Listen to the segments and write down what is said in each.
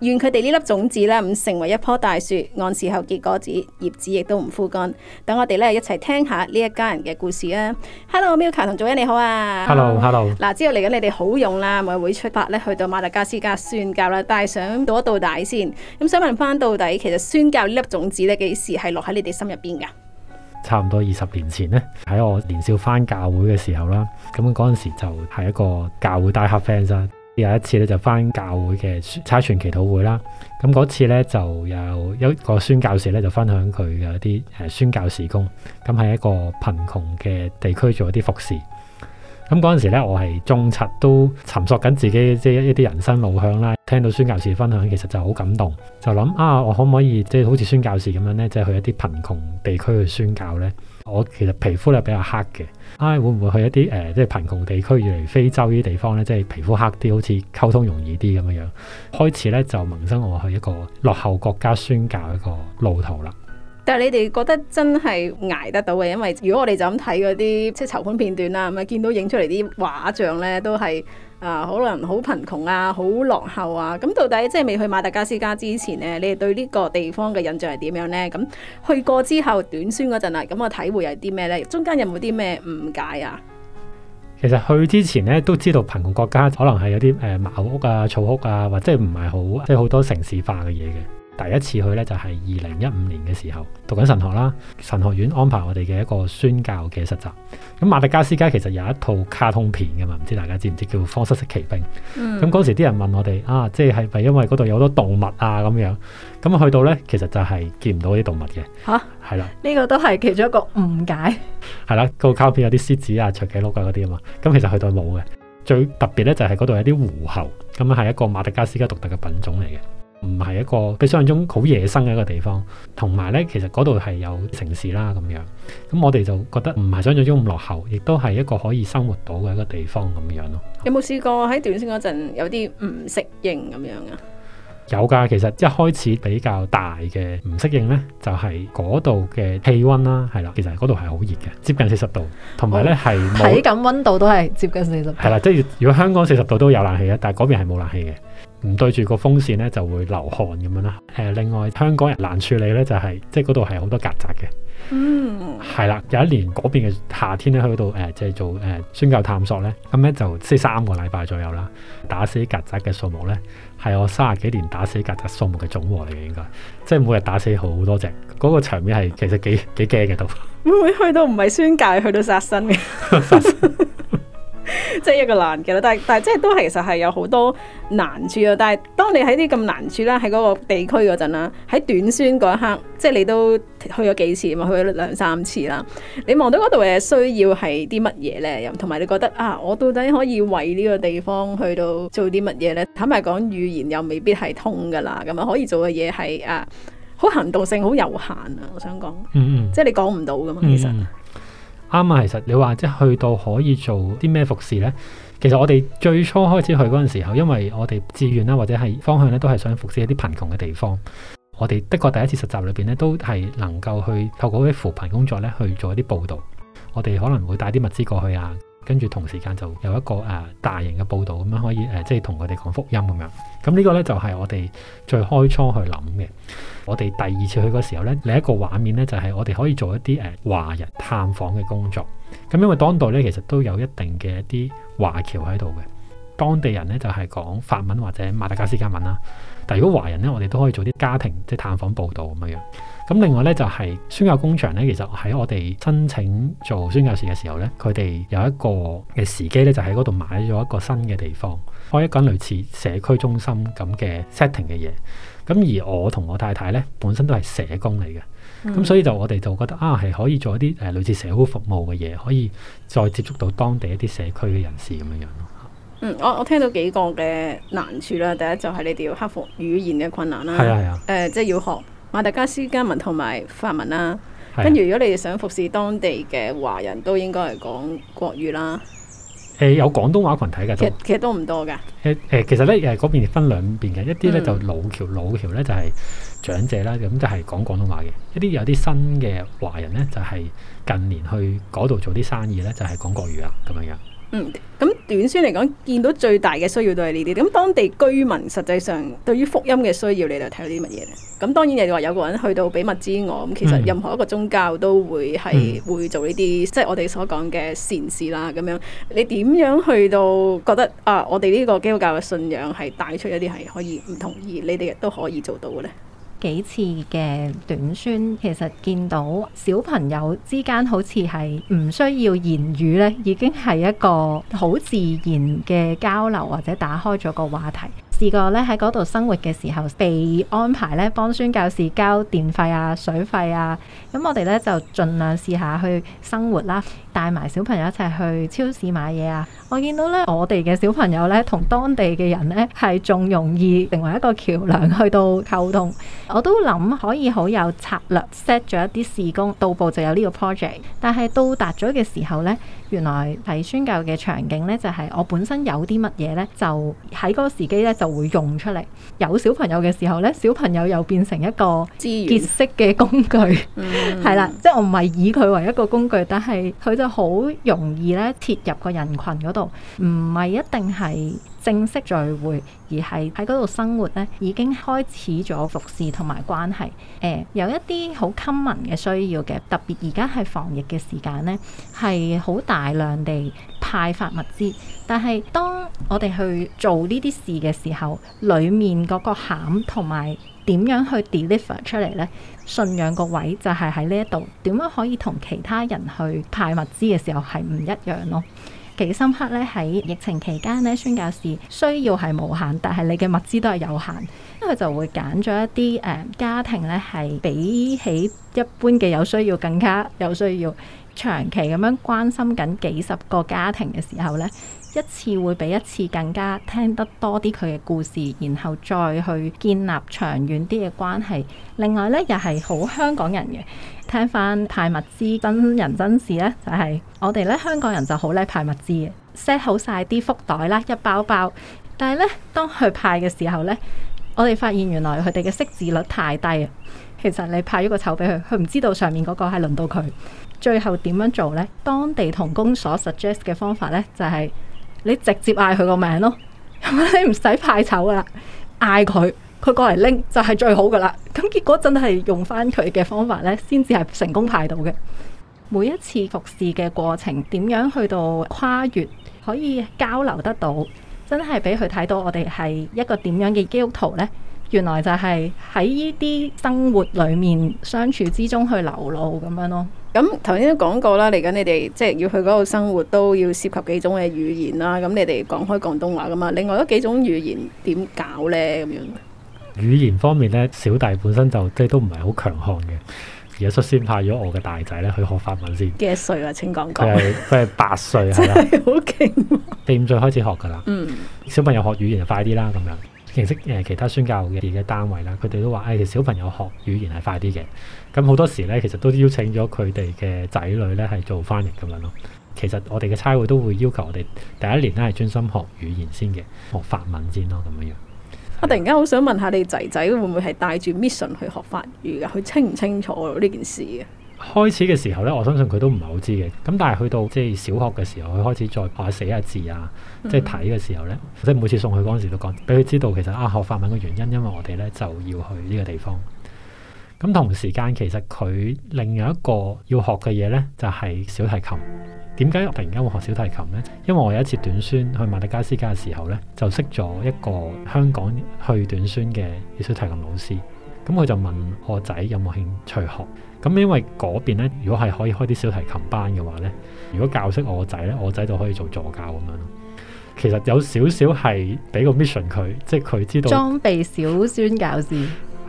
願佢哋呢粒種子咧唔成為一棵大樹，按時候結果子，葉子亦都唔枯乾。等我哋咧一齊聽下呢一家人嘅故事啊！Hello，Milka 同 Joanne 你好啊！Hello，Hello。嗱，Hello, hello. 之後嚟緊你哋好用啦，教會出發咧去到馬達加斯加宣教啦，但係，想倒一倒帶先。咁想問翻到底，其實宣教呢粒種子咧幾時係落喺你哋心入邊噶？差唔多二十年前呢，喺我年少翻教會嘅時候啦，咁嗰陣時就係一個教會大黑 fans 有一次咧就返教會嘅差傳祈禱會啦，咁嗰次咧就有一個宣教士咧就分享佢嘅一啲誒宣教時工。咁喺一個貧窮嘅地區做一啲服侍。咁嗰陣時咧，我係中七都尋索緊自己即係一啲人生路向啦。聽到宣教士分享，其實就好感動，就諗啊，我可唔可以即係好似宣教士咁樣咧，即係去一啲貧窮地區去宣教咧？我其實皮膚係比較黑嘅，唉、哎，會唔會去一啲誒、呃、即係貧窮地區，越嚟非洲呢啲地方咧，即係皮膚黑啲，好似溝通容易啲咁樣樣？開始咧就萌生我去一個落後國家宣教一個路途啦。但係你哋覺得真係捱得到嘅，因為如果我哋就咁睇嗰啲即係籌款片段啦、啊，咁啊見到影出嚟啲畫像咧，都係啊可能好貧窮啊，好落後啊。咁到底即係未去馬達加斯加之前咧，你哋對呢個地方嘅印象係點樣咧？咁去過之後短宣嗰陣啊，咁我體會有啲咩咧？中間有冇啲咩誤解啊？其實去之前咧都知道貧窮國家可能係有啲誒茅屋啊、草屋啊，或者唔係好即係好多城市化嘅嘢嘅。第一次去咧就係二零一五年嘅時候，讀緊神學啦，神學院安排我哋嘅一個宣教嘅實習。咁馬達加斯加其實有一套卡通片嘅嘛，唔知大家知唔知叫《荒失失奇兵》？咁嗰、嗯、時啲人問我哋啊，即係係咪因為嗰度有好多動物啊咁樣？咁去到咧，其實就係見唔到啲動物嘅。吓、啊？係啦，呢個都係其中一個誤解。係啦，個卡通片有啲獅子啊、長頸鹿啊嗰啲啊嘛，咁其實去到冇嘅。最特別咧就係嗰度有啲狐猴，咁係一個馬達加斯加獨特嘅品種嚟嘅。唔係一個比想象中好野生嘅一個地方，同埋呢其實嗰度係有城市啦咁樣。咁我哋就覺得唔係想象中咁落後，亦都係一個可以生活到嘅一個地方咁樣咯。有冇試過喺短線嗰陣有啲唔適應咁樣啊？有噶，其實一開始比較大嘅唔適應呢，就係嗰度嘅氣溫啦，係啦，其實嗰度係好熱嘅，接近四十度，同埋呢係體感溫度都係接近四十度，係啦，即係如果香港四十度都有冷氣啊，但係嗰邊係冇冷氣嘅。唔對住個風扇咧就會流汗咁樣啦。誒，另外香港人難處理咧就係、是，即係嗰度係好多曱甴嘅。嗯，係啦。有一年嗰邊嘅夏天咧去到誒，即、就、係、是、做誒宣教探索咧，咁咧就四三個禮拜左右啦，打死曱甴嘅數目咧係我三十幾年打死曱甴數目嘅總和嚟嘅應該，即係每日打死好多隻。嗰、那個場面係其實幾幾驚嘅，度會唔會去到唔係宣教，去到殺生 殺生。 即係一個難嘅啦，但係但係即係都係，其實係有好多難處啊！但係當你喺啲咁難處啦，喺嗰個地區嗰陣啦，喺短宣嗰一刻，即係你都去咗幾次嘛，去咗兩三次啦。你望到嗰度誒，需要係啲乜嘢咧？又同埋你覺得啊，我到底可以為呢個地方去到做啲乜嘢咧？坦白講，語言又未必係通噶啦，咁啊可以做嘅嘢係啊，好行動性好有限啊！我想講，嗯嗯即係你講唔到噶嘛，嗯嗯其實。啱啊，其實你話即係去到可以做啲咩服侍呢？其實我哋最初開始去嗰陣時候，因為我哋志願啦，或者係方向咧，都係想服侍一啲貧窮嘅地方。我哋的確第一次實習裏邊咧，都係能夠去透過啲扶貧工作咧去做一啲報道。我哋可能會帶啲物資過去啊。跟住同時間就有一個誒、呃、大型嘅報導咁樣可以誒、呃，即係同佢哋講福音咁樣。咁、這個、呢個咧就係、是、我哋最開初去諗嘅。我哋第二次去嘅時候咧，另一個畫面咧就係、是、我哋可以做一啲誒華人探訪嘅工作。咁、嗯、因為當代當地咧其實都有一定嘅啲華僑喺度嘅，當地人咧就係、是、講法文或者馬達加斯加文啦。但如果華人咧，我哋都可以做啲家庭即係探訪報導咁樣。咁另外咧就係宣教工場咧，其實喺我哋申請做宣教士嘅時候咧，佢哋有一個嘅時機咧，就喺嗰度買咗一個新嘅地方，開一個類似社區中心咁嘅 setting 嘅嘢。咁而我同我太太咧，本身都係社工嚟嘅，咁所以就我哋就覺得啊，係可以做一啲誒類似社會服務嘅嘢，可以再接觸到當地一啲社區嘅人士咁樣樣咯。嗯，我我聽到幾個嘅難處啦，第一就係你哋要克服語言嘅困難啦，係啊，誒、呃，即、就、係、是、要學。馬達加斯加文同埋法文啦，跟住、啊、如果你哋想服侍當地嘅華人，都應該係講國語啦。誒、呃、有廣東話群體嘅，其實其實都唔多噶。誒誒、呃呃，其實咧誒嗰邊分兩邊嘅，一啲咧就老僑老僑咧就係長者啦，咁就係、是、講廣東話嘅；一啲有啲新嘅華人咧，就係、是、近年去嗰度做啲生意咧，就係、是、講國語啊咁樣樣。嗯，咁短宣嚟講，見到最大嘅需要都係呢啲。咁當地居民實際上對於福音嘅需要，你就睇到啲乜嘢咧？咁當然你話有個人去到俾物資我，咁其實任何一個宗教都會係會做呢啲，嗯、即係我哋所講嘅善事啦。咁樣，你點樣去到覺得啊，我哋呢個基督教嘅信仰係帶出一啲係可以唔同意，你哋亦都可以做到嘅咧？幾次嘅短宣，其實見到小朋友之間好似係唔需要言語咧，已經係一個好自然嘅交流，或者打開咗個話題。試過咧，喺嗰度生活嘅時候，被安排咧幫孫教士交電費啊、水費啊，咁、嗯、我哋咧就盡量試下去生活啦。帶埋小朋友一齊去超市買嘢啊！我見到呢，我哋嘅小朋友呢，同當地嘅人呢，係仲容易成為一個橋梁去到溝通。我都諗可以好有策略 set 咗一啲事工，到步就有呢個 project。但係到達咗嘅時候呢，原來係宣教嘅場景呢，就係、是、我本身有啲乜嘢呢，就喺嗰個時機呢就會用出嚟。有小朋友嘅時候呢，小朋友又變成一個結識嘅工具，係啦知魚、 嗯， 即係我唔係以佢為一個工具，但係佢。佢好容易咧，貼入個人群嗰度，唔係一定係正式聚會，而係喺嗰度生活咧，已經開始咗服侍同埋關係誒、呃、有一啲好 common 嘅需要嘅，特別而家係防疫嘅時間呢，係好大量地派發物資，但係當我哋去做呢啲事嘅時候，裏面嗰個餡同埋。點樣去 deliver 出嚟呢？信仰個位就係喺呢一度，點樣可以同其他人去派物資嘅時候係唔一樣咯？幾深刻呢？喺疫情期間呢，宣教士需要係無限，但係你嘅物資都係有限，因為就會揀咗一啲誒、呃、家庭呢，係比起一般嘅有需要更加有需要，長期咁樣關心緊幾十個家庭嘅時候呢。一次會比一次更加聽得多啲佢嘅故事，然後再去建立長遠啲嘅關係。另外呢，又係好香港人嘅，聽返派物資真人真事呢，就係、是、我哋呢香港人就好叻派物資嘅，set 好晒啲福袋啦，一包包。但係呢，當佢派嘅時候呢，我哋發現原來佢哋嘅識字率太低啊。其實你派咗個籌俾佢，佢唔知道上面嗰個係輪到佢。最後點樣做呢？當地同工所 suggest 嘅方法呢，就係、是。你直接嗌佢個名咯，你唔使派籌噶啦，嗌佢，佢過嚟拎就係最好噶啦。咁結果真係用翻佢嘅方法呢，先至係成功派到嘅。每一次服侍嘅過程，點樣去到跨越，可以交流得到，真係俾佢睇到我哋係一個點樣嘅基督徒呢？原來就係喺呢啲生活裏面相處之中去流露咁樣咯。咁頭先都講過啦，嚟緊你哋即係要去嗰度生活，都要涉及幾種嘅語言啦。咁、嗯、你哋講開廣東話噶嘛？另外嗰幾種語言點搞咧？咁樣語言方面咧，小弟本身就即係都唔係好強項嘅，而家率先派咗我嘅大仔咧去學法文先。幾多歲啊？請講講佢係佢係八歲， 真係好勁！四五歲開始學噶啦，嗯，小朋友學語言就快啲啦，咁樣。認識誒其他宣教嘅嘅單位啦，佢哋都話：誒、哎、小朋友學語言係快啲嘅。咁好多時咧，其實都邀請咗佢哋嘅仔女咧係做翻譯咁樣咯。其實我哋嘅差會都會要求我哋第一年咧係專心學語言先嘅，學法文先咯咁樣樣。我突然間好想問下你仔仔會唔會係帶住 mission 去學法語㗎？佢清唔清楚呢件事啊？開始嘅時候咧，我相信佢都唔係好知嘅。咁但係去到即係小學嘅時候，佢開始再學寫下字啊，即係睇嘅時候咧，mm hmm. 即係每次送去嗰陣時都講，俾佢知道其實啊學法文嘅原因，因為我哋咧就要去呢個地方。咁同時間其實佢另一個要學嘅嘢咧，就係、是、小提琴。點解突然間會學小提琴咧？因為我有一次短宣去馬達加斯加嘅時候咧，就識咗一個香港去短宣嘅小提琴老師。咁佢就問我仔有冇興趣學。咁因為嗰邊咧，如果係可以開啲小提琴班嘅話咧，如果教識我仔咧，我仔就可以做助教咁樣咯。其實有少少係俾個 mission 佢，即係佢知道裝備小宣教士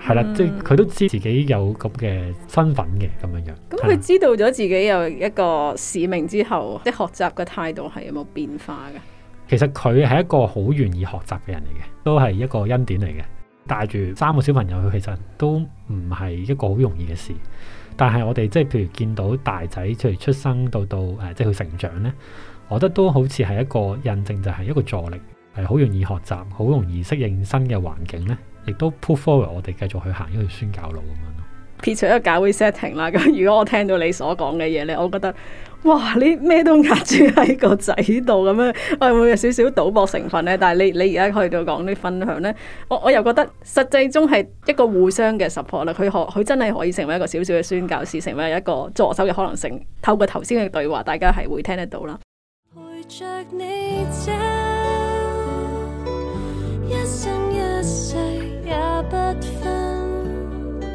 係啦， 了嗯、即係佢都知自己有咁嘅身份嘅咁樣樣。咁佢、嗯、 知道咗自己有一個使命之後，即係學習嘅態度係有冇變化嘅？其實佢係一個好願意學習嘅人嚟嘅，都係一個恩典嚟嘅。帶住三個小朋友去，其實都唔係一個好容易嘅事。但係我哋即係譬如見到大仔從出生到到誒，即係佢成長咧，我覺得都好似係一個印證，就係一個助力，係好容易學習，好容易適應新嘅環境咧，亦都 push forward 我哋繼續去行一條宣教路咁樣咯。撇除一個教會 setting 啦，咁如果我聽到你所講嘅嘢咧，我覺得。哇！你咩都壓住喺個仔度咁樣，我會唔會有少少賭博成分呢？但係你你而家去到講啲分享呢？我我又覺得實際中係一個互相嘅 support 啦。佢可佢真係可以成為一個少少嘅宣教士，成為一個助手嘅可能性。透過頭先嘅對話，大家係會聽得到啦。陪着你走，一生一世也不分，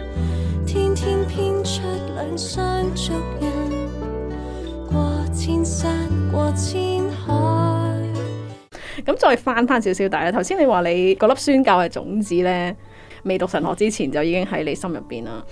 天天編出兩雙足印。咁再翻翻少少大啦，頭先你話你嗰粒宣教嘅種子咧，未讀神學之前就已經喺你心入邊啦。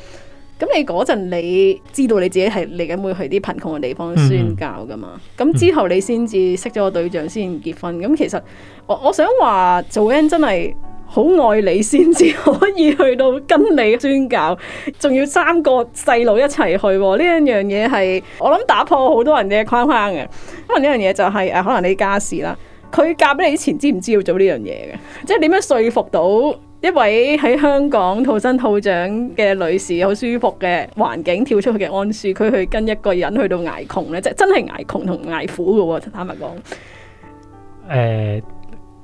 咁你嗰陣你知道你自己係嚟緊會去啲貧窮嘅地方宣教噶嘛？咁、嗯、之後你先至識咗個對象先結婚。咁、嗯、其實我我想話做 Joanne 真係。好愛你先至可以去到跟你宣教，仲要三個細路一齊去，呢一樣嘢係我諗打破好多人嘅框框嘅。咁問呢樣嘢就係、是、誒、啊，可能你家事啦，佢嫁俾你以前知唔知要做呢樣嘢嘅？即係點樣說服到一位喺香港土生土長嘅女士，好舒服嘅環境跳出去嘅安舒區佢去跟一個人去到捱窮呢？即係真係捱窮同捱苦嘅。坦白講，誒。呃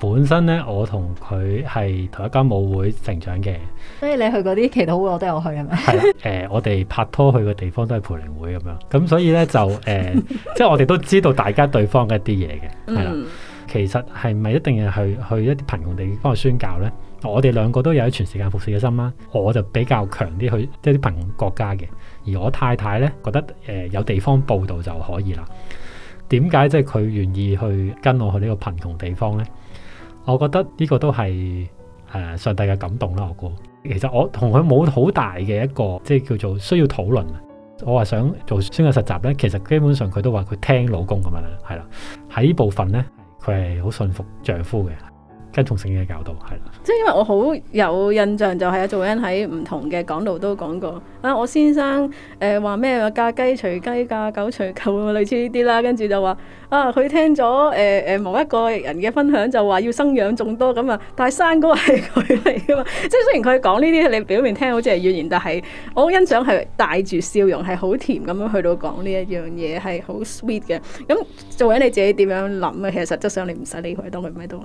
本身咧，我同佢係同一間舞會成長嘅，所以你去嗰啲祈禱會我我、 呃，我都有去，係咪？係誒，我哋拍拖去嘅地方都係培靈會咁樣，咁所以咧就誒，呃、 即係我哋都知道大家對方嘅一啲嘢嘅，係啦。其實係咪一定要去去一啲貧窮地方去宣教咧？我哋兩個都有一全時間服侍嘅心啦。我就比較強啲去即係啲貧窮國家嘅，而我太太咧覺得誒有地方報導就可以啦。點解即係佢願意去跟我去呢個貧窮地方咧？我覺得呢個都係誒上帝嘅感動啦，我估。其實我同佢冇好大嘅一個即係叫做需要討論。我話想做宣教實習咧，其實基本上佢都話佢聽老公咁樣，係啦。喺呢部分咧，佢係好信服丈夫嘅。跟同性嘅角度，係啦，即係因為我好有印象就係阿做人喺唔同嘅講道都講過啊，我先生誒話咩嫁雞隨雞，嫁狗隨狗啊，類似呢啲啦，跟住就話啊，佢聽咗誒誒某一個人嘅分享就話要生養眾多咁啊，但係山哥係佢嚟噶嘛，即係雖然佢講呢啲你表面聽好似係怨言，但係我好欣賞係帶住笑容係好甜咁樣去到講呢一樣嘢係好 sweet 嘅。咁做人你自己點樣諗啊？其實實質上你唔使理佢，當佢咩都。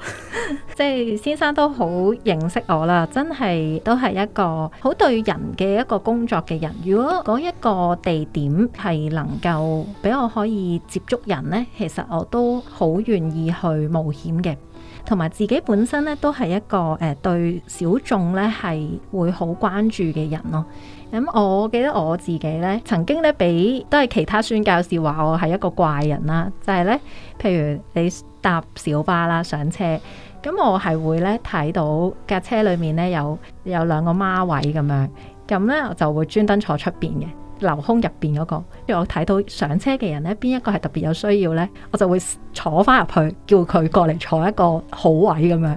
即係先生都好認識我啦，真係都係一個好對人嘅一個工作嘅人。如果嗰一個地點係能夠俾我可以接觸人呢，其實我都好願意去冒險嘅。同埋自己本身呢，都係一個誒對小眾呢係會好關注嘅人咯。咁、嗯、我記得我自己呢，曾經呢，俾都係其他宣教士話我係一個怪人啦，就係、是、呢。譬如你搭小巴啦，上車。咁、嗯、我係會咧睇到架車裏面咧有有兩個孖位咁樣，咁咧我就會專登坐出邊嘅留空入邊嗰個，因為我睇到上車嘅人咧邊一個係特別有需要咧，我就會坐翻入去叫佢過嚟坐一個好位咁樣。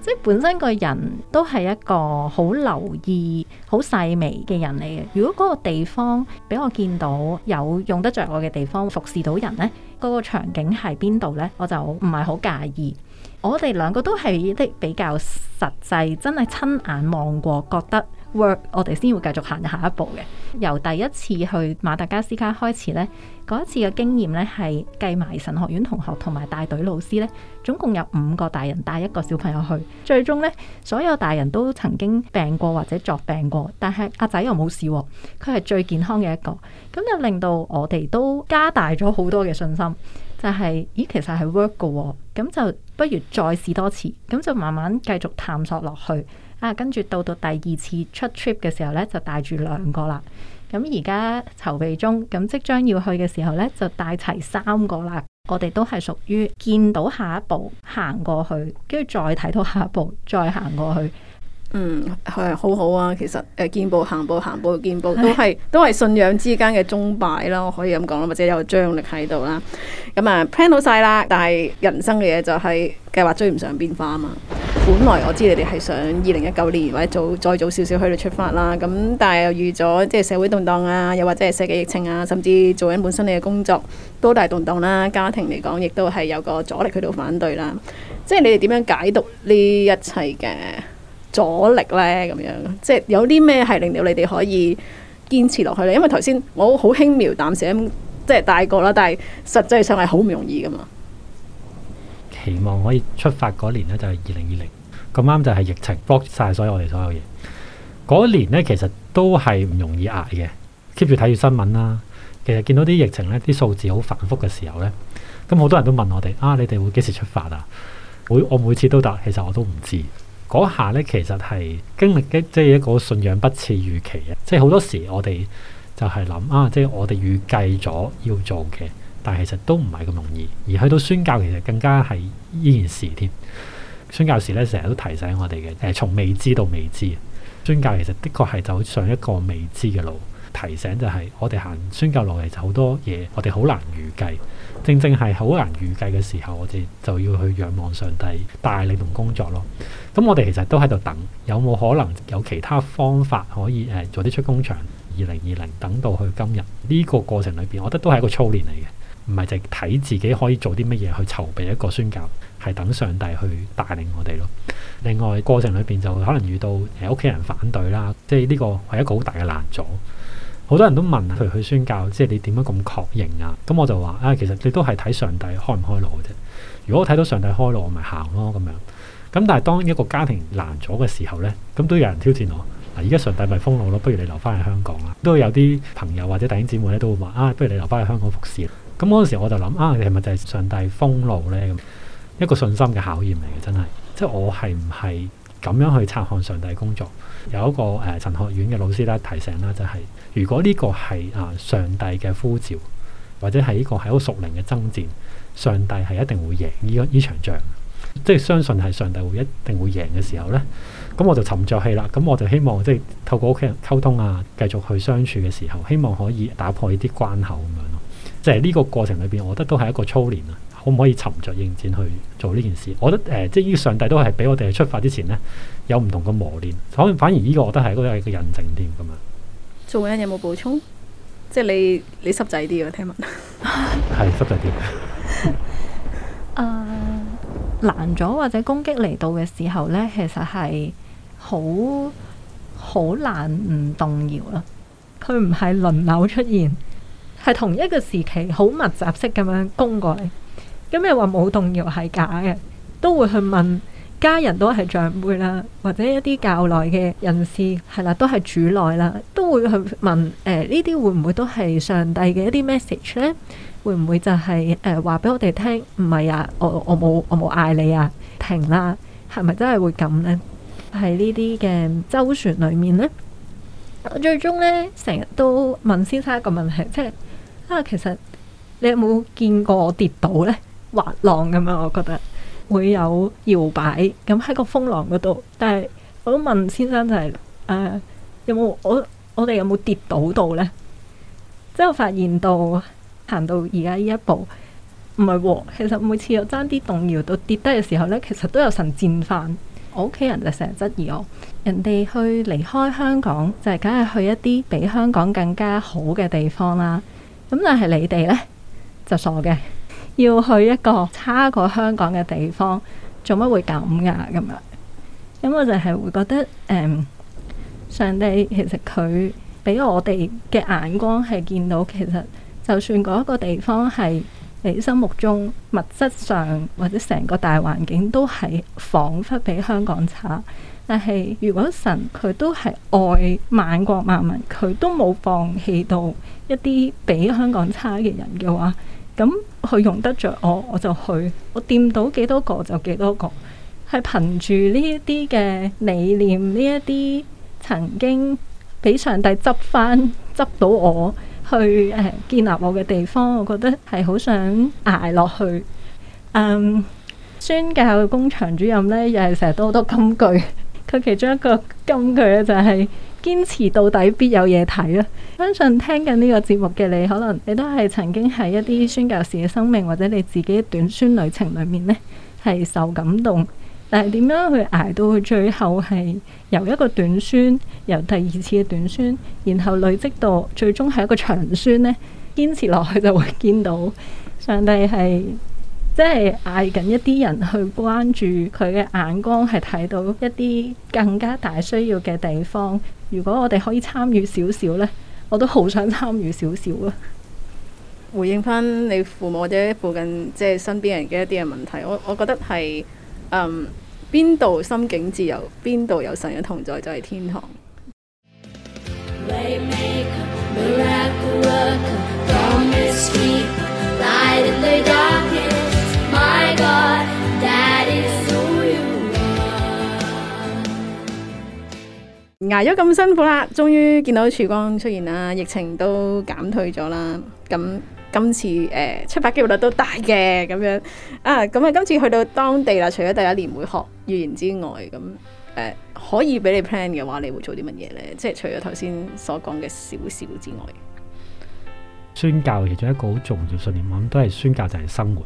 即係本身個人都係一個好留意、好細微嘅人嚟嘅。如果嗰個地方俾我見到有用得着我嘅地方服侍到人咧，嗰個場景係邊度咧，我就唔係好介意。我哋兩個都係啲比較實際，真係親眼望過，覺得 work，我哋先會繼續行下一步嘅。由第一次去馬達加斯加開始，呢嗰一次嘅經驗呢係計埋神學院同學同埋帶隊老師，呢總共有五個大人帶一個小朋友去。最終呢，所有大人都曾經病過或者作病過，但係阿仔又冇事，佢係最健康嘅一個。咁就令到我哋都加大咗好多嘅信心，就係、是、咦，其實係 work 嘅、哦。咁就。不如再試多次，咁就慢慢繼續探索落去。啊，跟住到到第二次出 trip 嘅時候呢，就帶住兩個啦。咁而家籌備中，咁即將要去嘅時候呢，就帶齊三個啦。我哋都係屬於見到下一步行過去，跟住再睇到下一步再行過去。嗯，係好好啊。其實誒，見步行步行步見步，都係都係信仰之間嘅宗拜啦。我可以咁講啦，或者有張力喺度啦。咁啊，plan 好晒啦，但係人生嘅嘢就係計劃追唔上變化啊嘛。本來我知你哋係想二零一九年或者早再早少少去到出發啦。咁但係又遇咗即係社會動蕩啊，又或者係世界疫情啊，甚至做緊本身你嘅工作都大動蕩啦、啊。家庭嚟講，亦都係有個阻力去到反對啦。即係你哋點樣解讀呢一切嘅？阻力咧咁樣，即係有啲咩係令到你哋可以堅持落去咧？因為頭先我好輕描淡寫咁即係帶過啦，但係實際上係好唔容易噶嘛。期望可以出發嗰年呢，就係二零二零，咁啱就係疫情 block 曬所有我哋所有嘢。嗰年呢，其實都係唔容易捱嘅，keep 住睇住新聞啦。其實見到啲疫情呢啲數字好反覆嘅時候呢，咁好多人都問我哋啊，你哋會幾時出發啊？會我，我每次都答，其實我都唔知。嗰下咧，其實係經歷嘅，即係一個信仰不似預期嘅。即係好多時我，我哋就係諗啊，即係我哋預計咗要做嘅，但係其實都唔係咁容易。而去到宣教，其實更加係依件事添。宣教時咧，成日都提醒我哋嘅，誒從未知到未知。宣教其實的確係走上一個未知嘅路，提醒就係我哋行宣教路嚟，就好多嘢我哋好難預計。正正係好難預計嘅時候，我哋就要去仰望上帝大能同工作咯。咁我哋其實都喺度等，有冇可能有其他方法可以誒早啲出工場？二零二零等到去今日呢個過程裏邊，我覺得都係一個操練嚟嘅，唔係淨睇自己可以做啲乜嘢去籌備一個宣教，係等上帝去帶領我哋咯。另外過程裏邊就可能遇到誒屋企人反對啦，即係呢個係一個好大嘅難阻。好多人都問佢去宣教，即係你點樣咁確認啊？咁我就話啊、哎，其實你都係睇上帝開唔開路嘅啫。如果我睇到上帝開路，我咪行咯咁樣。.咁但係當一個家庭難咗嘅時候呢，咁都有人挑戰我。嗱，而家上帝咪封路咯，不如你留翻去香港啦。都有啲朋友或者弟兄姊妹咧都會話，啊，不如你留翻去香港服侍。咁嗰陣時我就諗，啊，係咪就係上帝封路呢？一個信心嘅考驗嚟嘅，真係。即係我係唔係咁樣去察看上帝工作？有一個誒，陳學院嘅老師咧提醒啦，就係如果呢個係啊上帝嘅呼召，或者係呢個係好屬靈嘅爭戰，上帝係一定會贏呢呢場仗。.即係相信係上帝會一定會贏嘅時候咧，咁我就沉着氣啦。咁我就希望即係透過屋企人溝通啊，繼續去相處嘅時候，希望可以打破呢啲關口咁樣咯。即係呢個過程裏邊，我覺得都係一個操練啊。可唔可以沉着應戰去做呢件事？我覺得誒、呃，即係呢個上帝都係俾我哋喺出發之前咧，有唔同嘅磨練。反反而呢個我覺得係一個印證添噶嘛。做緊有冇補充？即係你你濕仔啲啊？聽聞係濕仔啲。啊。 難咗或者攻擊嚟到嘅時候呢，其實係好好難唔動搖啦、啊。佢唔係輪流出現，係同一個時期好密集式咁樣攻過嚟。咁你話冇動搖係假嘅，都會去問。家人都係長輩啦，或者一啲教內嘅人士係啦，都係主內啦，都會去問誒呢啲會唔會都係上帝嘅一啲 message 呢？會唔會就係誒話俾我哋聽？唔係啊，我我冇我冇嗌你啊，停啦！係咪真係會咁呢？喺呢啲嘅周旋裡面呢，我最終呢，成日都問先生一個問題，即係啊，其實你有冇見過我跌倒呢？滑浪咁啊，我覺得。會有搖擺，咁喺個風浪嗰度，但係我都問先生就係、是、誒、啊、有冇我我哋有冇跌倒到呢？即係我發現到行到而家呢一步，唔係喎。其實每次有差啲動搖到跌低嘅時候呢，其實都有神賤翻。我屋企人就成日質疑我，人哋去離開香港就係梗係去一啲比香港更加好嘅地方啦。咁但係你哋呢，就傻嘅。要去一個差過香港嘅地方，做乜會咁噶？咁樣，咁我就係會覺得，誒、嗯、上帝其實佢俾我哋嘅眼光係見到，其實就算嗰一個地方係你心目中物質上或者成個大環境都係彷彿比香港差，但係如果神佢都係愛萬國萬民，佢都冇放棄到一啲比香港差嘅人嘅話。咁佢、嗯、用得着我，我就去，我掂到幾多個就幾多個，係憑住呢一啲嘅理念，呢一啲曾經俾上帝執翻執到我去誒、呃、建立我嘅地方，我覺得係好想捱落去。嗯，宣教嘅工場主任呢，又係成日都好多金句。 佢其中一個金句咧，就係堅持到底必有嘢睇啦。相信聽緊呢個節目嘅你，可能你都係曾經喺一啲宣教士嘅生命，或者你自己短宣旅程裏面呢，係受感動。但係點樣去捱到佢最後係由一個短宣，由第二次嘅短宣，然後累積到最終係一個長宣呢？堅持落去就會見到上帝係。即係嗌緊一啲人去關注佢嘅眼光，係睇到一啲更加大需要嘅地方。如果我哋可以參與少少呢，我都好想參與少少啊！回應翻你父母或者附近即係身邊人嘅一啲嘅問題，我我覺得係，嗯，邊度心境自由，邊度有神嘅同在就係天堂。 捱咗咁辛苦啦，終於見到曙光出現啦，疫情都減退咗啦。咁今次誒出發機會率都大嘅咁樣啊。咁啊今次去到當地啦，除咗第一年會學語言之外，咁、嗯、誒可以俾你 plan 嘅話，你會做啲乜嘢咧？即係除咗頭先所講嘅少少之外，宣教其中一個好重要信念，我諗都係宣教就係生活。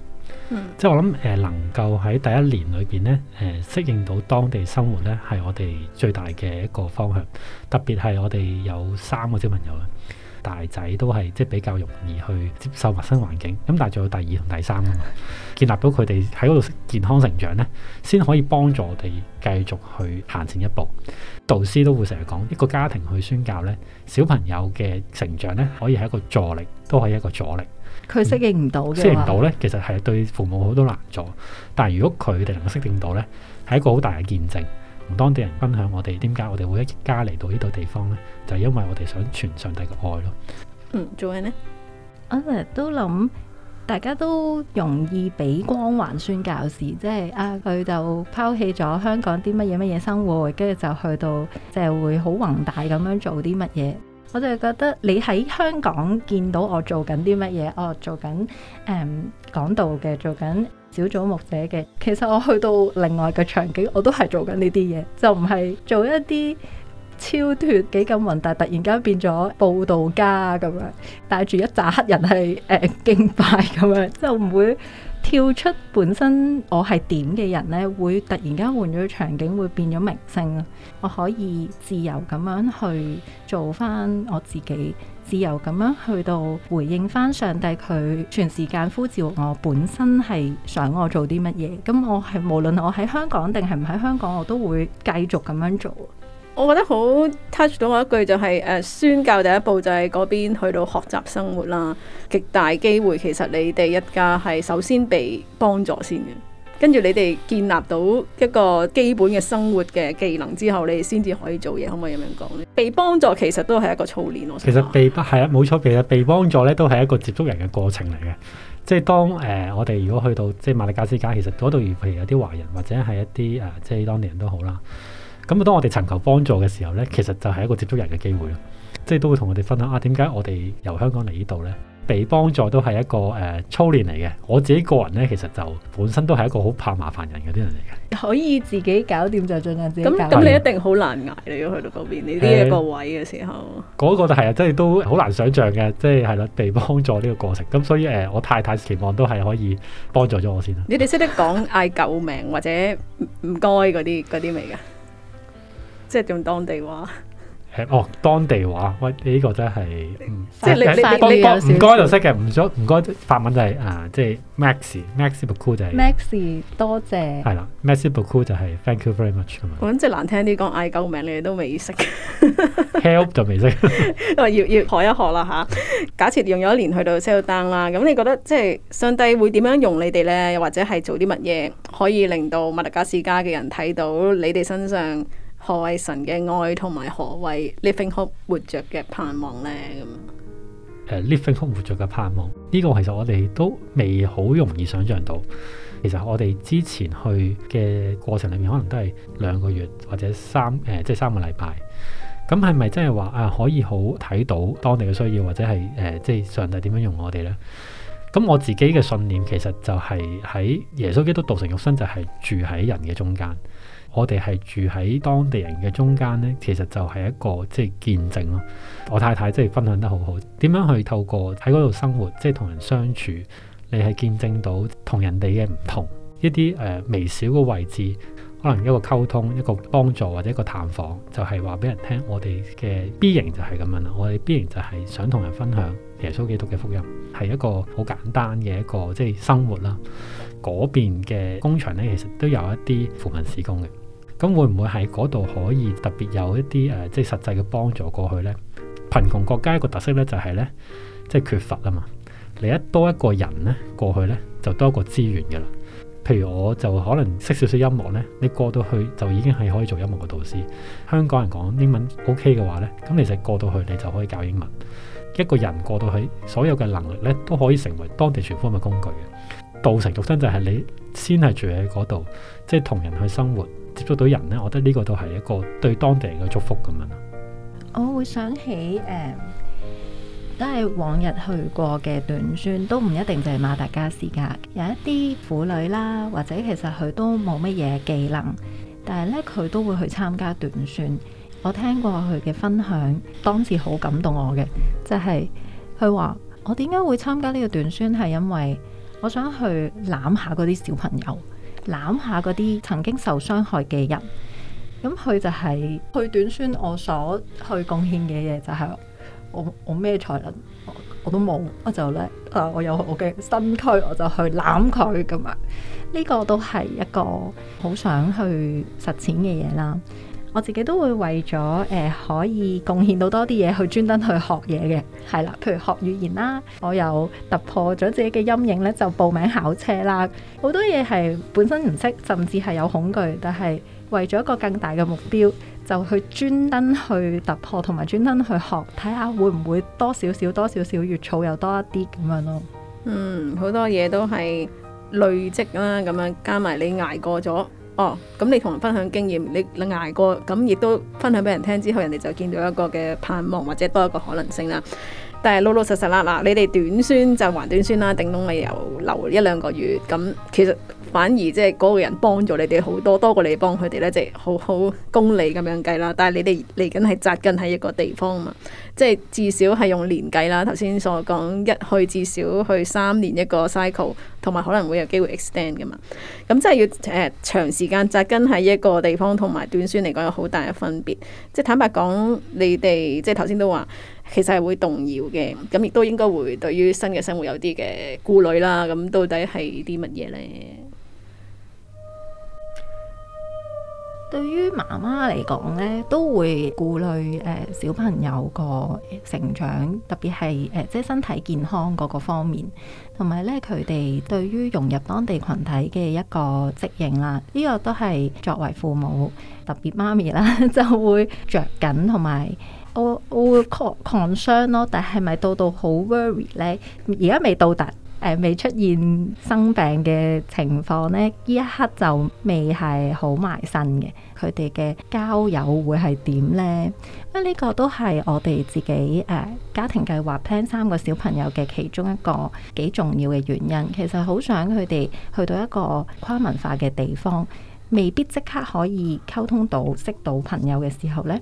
即係我諗誒、呃，能夠喺第一年裏邊咧，誒、呃、適應到當地生活咧，係我哋最大嘅一個方向。特別係我哋有三個小朋友啦，大仔都係即係比較容易去接受陌生環境。咁但係仲有第二同第三啊嘛， 建立到佢哋喺嗰度健康成長咧，先可以幫助我哋繼續去行前一步。導師都會成日講，一個家庭去宣教咧，小朋友嘅成長咧，可以係一個助力，都可以係一個阻力。佢適應唔到嘅，嗯，適應唔到咧，其實係對父母好多難做。但係如果佢哋能夠適應到咧，係一個好大嘅見證。同當地人分享我哋點解我哋會一家嚟到呢度地方咧，就係因為我哋想傳上帝嘅愛咯。嗯，做咩咧？我成日都諗，大家都容易俾光環宣教士，即係啊，佢就拋棄咗香港啲乜嘢乜嘢生活，跟住就去到就會好宏大咁樣做啲乜嘢。我就係覺得你喺香港見到我做緊啲乜嘢，哦，做緊誒講道嘅，做緊小組牧者嘅。其實我去到另外嘅場景，我都係做緊呢啲嘢，就唔係做一啲超脫幾咁宏大，但突然間變咗佈道家咁樣，帶住一紮黑人去誒、嗯、敬拜咁樣，就唔會。跳出本身我係點嘅人呢，會突然間換咗場景，會變咗明星啊！我可以自由咁樣去做翻我自己，自由咁樣去到回應翻上帝佢全時間呼召我，本身係想我做啲乜嘢。咁我係無論我喺香港定係唔喺香港，我都會繼續咁樣做。我覺得好 touch 到我一句就係、是、誒，宣、啊、教第一步就係嗰邊去到學習生活啦，極大機會其實你哋一家係首先被幫助先嘅，跟住你哋建立到一個基本嘅生活嘅技能之後，你哋先至可以做嘢，可唔可以咁樣講呢？被幫助其實都係一個操練，我其實被係啊，冇錯，其實被幫助咧都係一個接觸人嘅過程嚟嘅，即係當誒、呃、我哋如果去到即係馬達加斯加，其實嗰度譬如有啲華人或者係一啲誒即係當地人都好啦。咁啊！當我哋尋求幫助嘅時候咧，其實就係一個接觸人嘅機會咯。即係都會同我哋分享啊，點解我哋由香港嚟呢度咧？被幫助都係一個誒、呃、操練嚟嘅。我自己個人咧，其實就本身都係一個好怕麻煩人嘅啲人嚟嘅，可以自己搞掂就盡量自己搞。咁咁，你一定好難捱嚟嘅，的去到嗰邊呢？呢一個位嘅時候，嗰、呃那個就係啊，即係都好難想像嘅，即係係咯被幫助呢個過程。咁所以誒、呃，我太太期望都係可以幫助咗我先啦。你哋識得講嗌救命或者唔唔該嗰啲嗰啲未㗎？即係用當地話，誒哦，當地話喂，你呢個真係，即係你你你唔該就識嘅。唔錯唔該法文就係啊，即係 Maxi Maxi Baku 就係 Maxi，多謝係啦，Maxi Baku 就係 Thank you very much 啊嘛，咁我諗即係難聽啲講嗌救命，你哋都未識 Help 就未識，啊要要學一學啦嚇。假設用咗一年去到 Sudan 啦，咁你覺得即係上帝會點樣用你哋咧？又或者係做啲乜嘢可以令到馬達加斯加嘅人睇到你哋身上？何為神嘅愛同埋何為 living hope 活着嘅盼望咧？咁 living hope 活着嘅盼望呢、uh, living hope, 盼望這個其實我哋都未好容易想象到。其實我哋之前去嘅過程裏面，可能都係兩個月或者三誒、呃，即係三個禮拜。咁係咪真係話誒可以好睇到當地嘅需要或者係誒、呃、即係上帝點樣用我哋咧？咁我自己嘅信念其實就係喺耶穌基督道,道成肉身就係、是、住喺人嘅中間。我哋係住喺當地人嘅中間呢，其實就係一個即係見證咯。我太太即係分享得好好，點樣去透過喺嗰度生活，即係同人相處，你係見證到同人哋嘅唔同，一啲誒、呃、微小嘅位置，可能一個溝通、一個幫助或者一個探訪，就係話俾人聽，我哋嘅 B 型就係咁樣啦。我哋 B 型就係想同人分享耶穌基督嘅福音，係一個好簡單嘅一個即係生活啦。嗰邊嘅工場呢，其實都有一啲貧民施工嘅。咁會唔會喺嗰度可以特別有一啲誒、呃，即係實際嘅幫助過去呢？貧窮國家一個特色咧就係、是、咧，即係缺乏啊嘛。你一多一個人咧過去咧，就多一個資源嘅啦。譬如我就可能識少少音樂咧，你過到去就已經係可以做音樂嘅導師。香港人講英文 OK 嘅話咧，咁其實過到去你就可以教英文。一個人過到去，所有嘅能力咧都可以成為當地全方位嘅工具嘅。道成肉身就係你先係住喺嗰度，即係同人去生活。捉到人呢，我覺得呢個都係一個對當地人嘅祝福咁樣。我會想起誒，都、呃、係往日去過嘅短宣，都唔一定就係馬達加斯加，有一啲婦女啦，或者其實佢都冇乜嘢技能，但係呢，佢都會去參加短宣。我聽過佢嘅分享，當時好感動我嘅，即係佢話：我點解會參加呢個短宣？係因為我想去攬下嗰啲小朋友。攬下嗰啲曾經受傷害嘅人，咁佢就係去短宣我所去貢獻嘅嘢，就係、是、我我咩才能我都冇，我就呢，啊我有我嘅身軀，我就去攬佢咁啊！呢個都係一個好想去實踐嘅嘢啦。我自己都會為咗誒、呃、可以貢獻到多啲嘢，去專登去學嘢嘅，係啦，譬如學語言啦，我又突破咗自己嘅陰影呢就報名考車啦。好多嘢係本身唔識，甚至係有恐懼，但係為咗一個更大嘅目標，就去專登去突破，同埋專登去學，睇下會唔會多少少、多少少越儲又多一啲咁樣咯。嗯，好多嘢都係累積啦，咁樣加埋你捱過咗。哦，咁你同人分享經驗，你捱過，咁亦都分享俾人聽之後，人哋就見到一個嘅盼望或者多一個可能性啦。但係老老實實啦，嗱，你哋短宣就還短宣啦，頂籠咪又留一兩個月咁，其實。反而即係嗰個人幫咗你哋好多，多過你幫佢哋咧，即係好好功利咁樣計啦。但係你哋嚟緊係扎根喺一個地方嘛，即係至少係用年計啦。頭先所講一去至少去三年一個 cycle，同埋可能會有機會 extend 噶嘛。咁即係要誒長時間紮根喺一個地方，同埋短宣嚟講有好大嘅分別。即係坦白講，你哋即係頭先都話其實係會動搖嘅，咁亦都應該會對於新嘅生活有啲嘅顧慮啦。咁到底係啲乜嘢呢？對於媽媽嚟講咧，都會顧慮誒小朋友個成長，特別係誒即係身體健康嗰個方面，同埋咧佢哋對於融入當地群體嘅一個適應啦，呢、這個都係作為父母，特別媽咪啦， 就會着緊同埋我我會 con concern 咯，但係咪到到好 worry 咧？而家未到達。誒未出現生病嘅情況呢，呢一刻就未係好埋身嘅。佢哋嘅交友會係點呢？因為呢個都係我哋自己誒、啊、家庭計劃 plan 三個小朋友嘅其中一個幾重要嘅原因。其實好想佢哋去到一個跨文化嘅地方，未必即刻可以溝通到識到朋友嘅時候呢，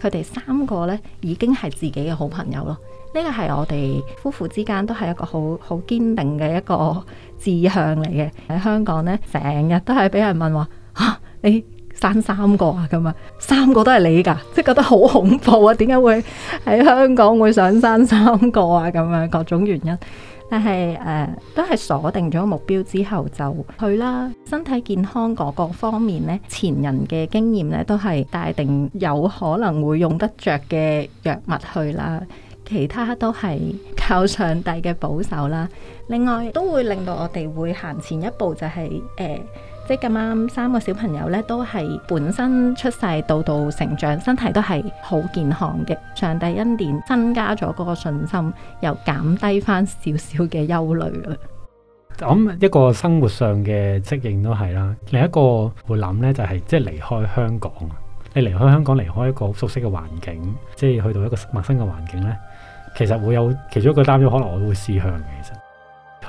佢哋三個呢已經係自己嘅好朋友咯。呢個係我哋夫婦之間都係一個好好堅定嘅一個志向嚟嘅。喺香港咧，成日都係俾人問話：，啊，你生三個啊？咁啊，三個都係你噶，即係覺得好恐怖啊！點解會喺香港會想生三個啊？咁樣各種原因，但係誒，都係鎖定咗目標之後就去啦。身體健康各個方面咧，前人嘅經驗咧，都係帶定有可能會用得着嘅藥物去啦。其他都係靠上帝嘅保守啦。另外都會令到我哋會行前一步，就是，就係誒，即係咁啱三個小朋友咧，都係本身出世到到成長，身體都係好健康嘅。上帝恩典增加咗嗰個信心，又減低翻少少嘅憂慮啦。咁一個生活上嘅適應都係啦。另一個會諗呢，就係，即係離開香港，你離開香港，離開一個熟悉嘅環境，即係去到一個陌生嘅環境呢。其實會有其中一個擔憂，可能我會思鄉嘅。其實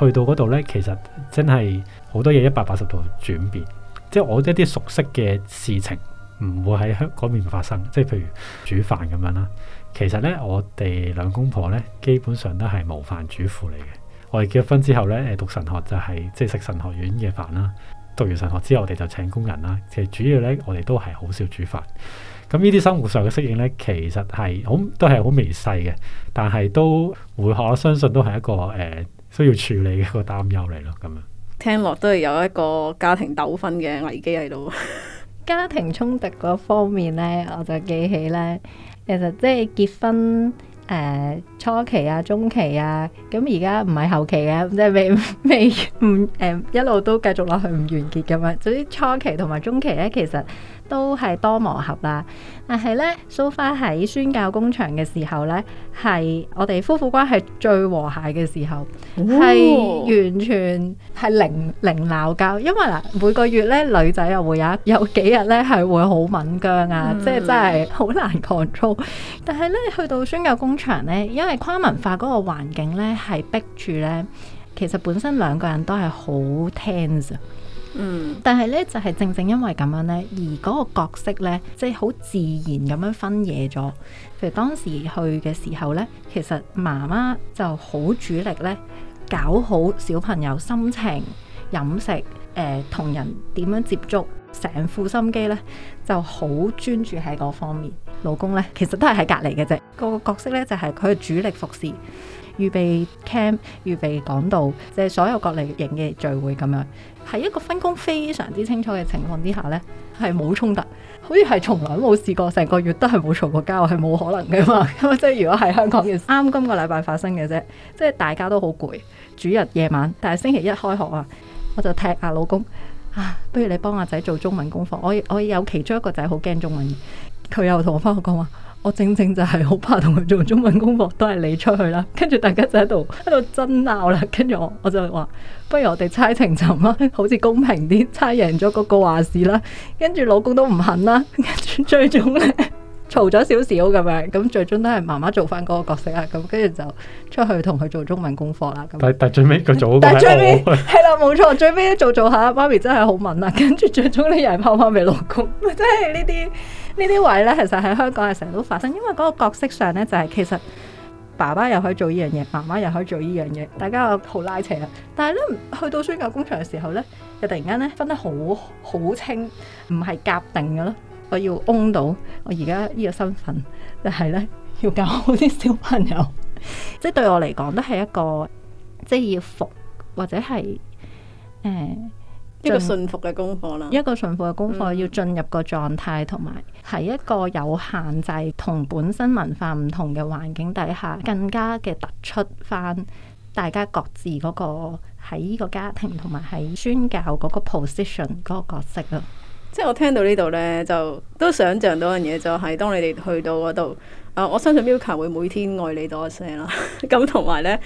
去到嗰度咧，其實真係好多嘢一百八十度轉變，即係我一啲熟悉嘅事情唔會喺香嗰邊發生。即係譬如煮飯咁樣啦，其實咧我哋兩公婆咧基本上都係無飯主婦嚟嘅。我哋結婚之後咧，誒讀神學就係、是、即係食神學院嘅飯啦。讀完神學之後，我哋就請工人啦。其實主要咧，我哋都係好少煮飯。咁呢啲生活上嘅適應咧，其實係好都係好微細嘅，但係都會我相信都係一個誒需要處理嘅一個擔憂嚟咯。咁樣聽落都係有一個家庭糾紛嘅危機喺度。家庭衝突嗰方面咧，我就記起咧，其實即係結婚誒初期啊、中期啊，咁而家唔係後期啊，即係未未唔誒一路都繼續落去唔完結咁樣。總之初期同埋中期咧，其實。都係多磨合啦，但係呢，so far 喺宣教工場嘅時候呢，係我哋夫婦關係最和諧嘅時候，係、哦、完全係零零鬧交。因為嗱，每個月呢，女仔又會有一有幾日呢係會好敏感啊，嗯、即係真係好難 control。但係呢，去到宣教工場呢，因為跨文化嗰個環境呢，係逼住呢，其實本身兩個人都係好 tense 嗯，但係咧就係、是、正正因為咁樣咧，而嗰個角色咧，即係好自然咁樣分嘢咗。譬如當時去嘅時候咧，其實媽媽就好主力咧，搞好小朋友心情、飲食、誒、呃、同人點樣接觸，成副心機咧就好專注喺嗰方面。老公咧其實都係喺隔籬嘅啫，嗰個角色咧就係佢嘅主力服侍。預備 camp，預備講道，即係所有各類型嘅聚會咁樣，係一個分工非常之清楚嘅情況之下呢係冇衝突，好似係從來冇試過，成個月都係冇吵過交，係冇可能嘅嘛。 即係如果喺香港嘅，啱今 個禮拜發生嘅啫，即係大家都好攰，主日夜晚，但係星期一開學啊，我就踢阿、啊、老公啊，不如你幫阿仔做中文功課，我我有其中一個仔好驚中文，佢又同我翻學講話。我正正就係好怕同佢做中文功課，都係你出去啦，跟住大家就喺度喺度爭拗啦，跟住我我就話，不如我哋猜情尋啦，好似公平啲，猜贏咗嗰個話事啦，跟住老公都唔肯啦，跟住最終咧嘈咗少少咁樣，咁最終都係媽媽做翻嗰個角色啊，咁跟住就出去同佢做中文功課啦。但但最尾佢做，但最尾係啦，冇 錯，最尾做一做下，媽咪真係好敏啊，跟住最終呢又係拋翻俾老公，即係呢啲。呢啲位咧，其實喺香港係成日都發生，因為嗰個角色上咧，就係、是、其實爸爸又可以做呢樣嘢，媽媽又可以做呢樣嘢，大家好拉扯。但係咧，去到宣教工場嘅時候咧，就突然間咧分得好好清，唔係夾定嘅咯。我要 own 到我而家呢個身份，就係咧要教好啲小朋友，即 係 對我嚟講都係一個即、就是、要服或者係誒。呃一個信服嘅功課啦，一個信服嘅功課要進入個狀態，同埋喺一個有限制同本身文化唔同嘅環境底下，更加嘅突出翻大家各自嗰個喺呢個家庭同埋喺宣教嗰個 position 嗰個角色啊。即係我聽到呢度咧，就都想象到樣嘢，就係當你哋去到嗰度，啊，我相信 Milka 會每天愛你多一些啦。咁同埋咧，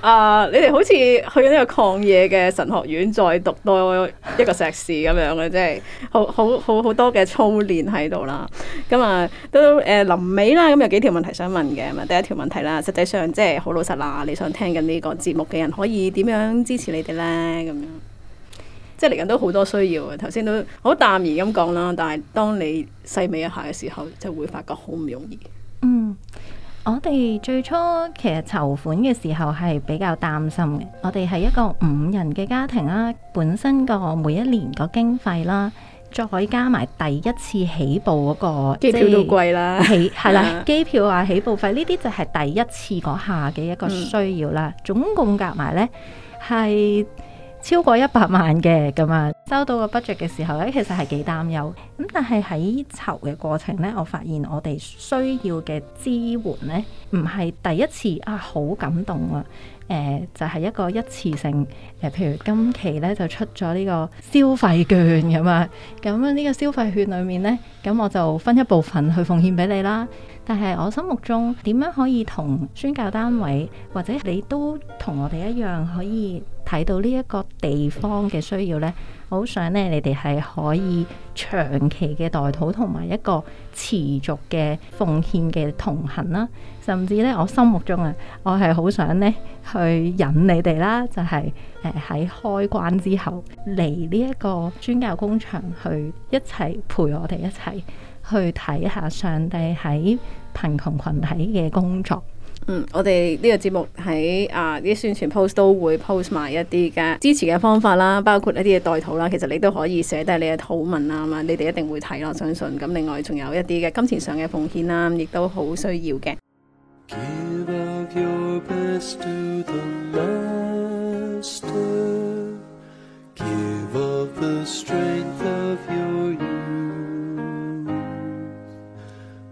啊，你哋好似去緊呢個曠野嘅神學院再讀多一個碩士咁樣嘅，即係好好好好多嘅操練喺度啦。咁、 嗯、啊，都誒臨尾啦，咁、嗯、有幾條問題想問嘅，咁啊，第一條問題啦，實際上即係好老實啦，你想聽緊呢個節目嘅人可以點樣支持你哋咧？咁樣。即係嚟緊都好多需要啊！頭先都好淡然咁講啦，但係當你細微一下嘅時候，就係會發覺好唔容易。嗯，我哋最初其實籌款嘅時候係比較擔心嘅。我哋係一個五人嘅家庭啦，啊，本身個每一年個經費啦，啊，再加埋第一次起步嗰，那個機票都貴啦，起係啦，機 的的票啊，起步費呢啲就係第一次嗰下嘅一個需要啦，啊。嗯、總共夾埋呢係。超過一百萬嘅咁啊，收到個 budget 嘅時候咧，其實係幾擔憂咁。但係喺籌嘅過程咧，我發現我哋需要嘅支援咧，唔係第一次啊，好感動啊！誒、呃，就係、是、一個一次性誒，譬如今期咧就出咗呢個消費券咁樣，咁呢個消費券裏面咧，咁我就分一部分去奉獻俾你啦。但係我心目中，點樣可以同宣教單位，或者你都同我哋一樣，可以睇到呢一個地方嘅需要呢？我好想咧，你哋係可以長期嘅代禱，同埋一個持續嘅奉獻嘅同行啦。甚至咧，我心目中啊，我係好想呢去引你哋啦，就係誒喺開關之後嚟呢一個宣教工場，去一齊陪我哋一齊，去睇下上帝喺貧窮群體嘅工作。嗯，我哋呢個節目喺啊啲宣傳 post 都會 post 埋一啲嘅支持嘅方法啦，包括一啲嘅代禱啦。其實你都可以寫低你嘅禱文啊，咁你哋一定會睇咯，相信。咁另外仲有一啲嘅金錢上嘅奉獻啦，亦都好需要嘅。Give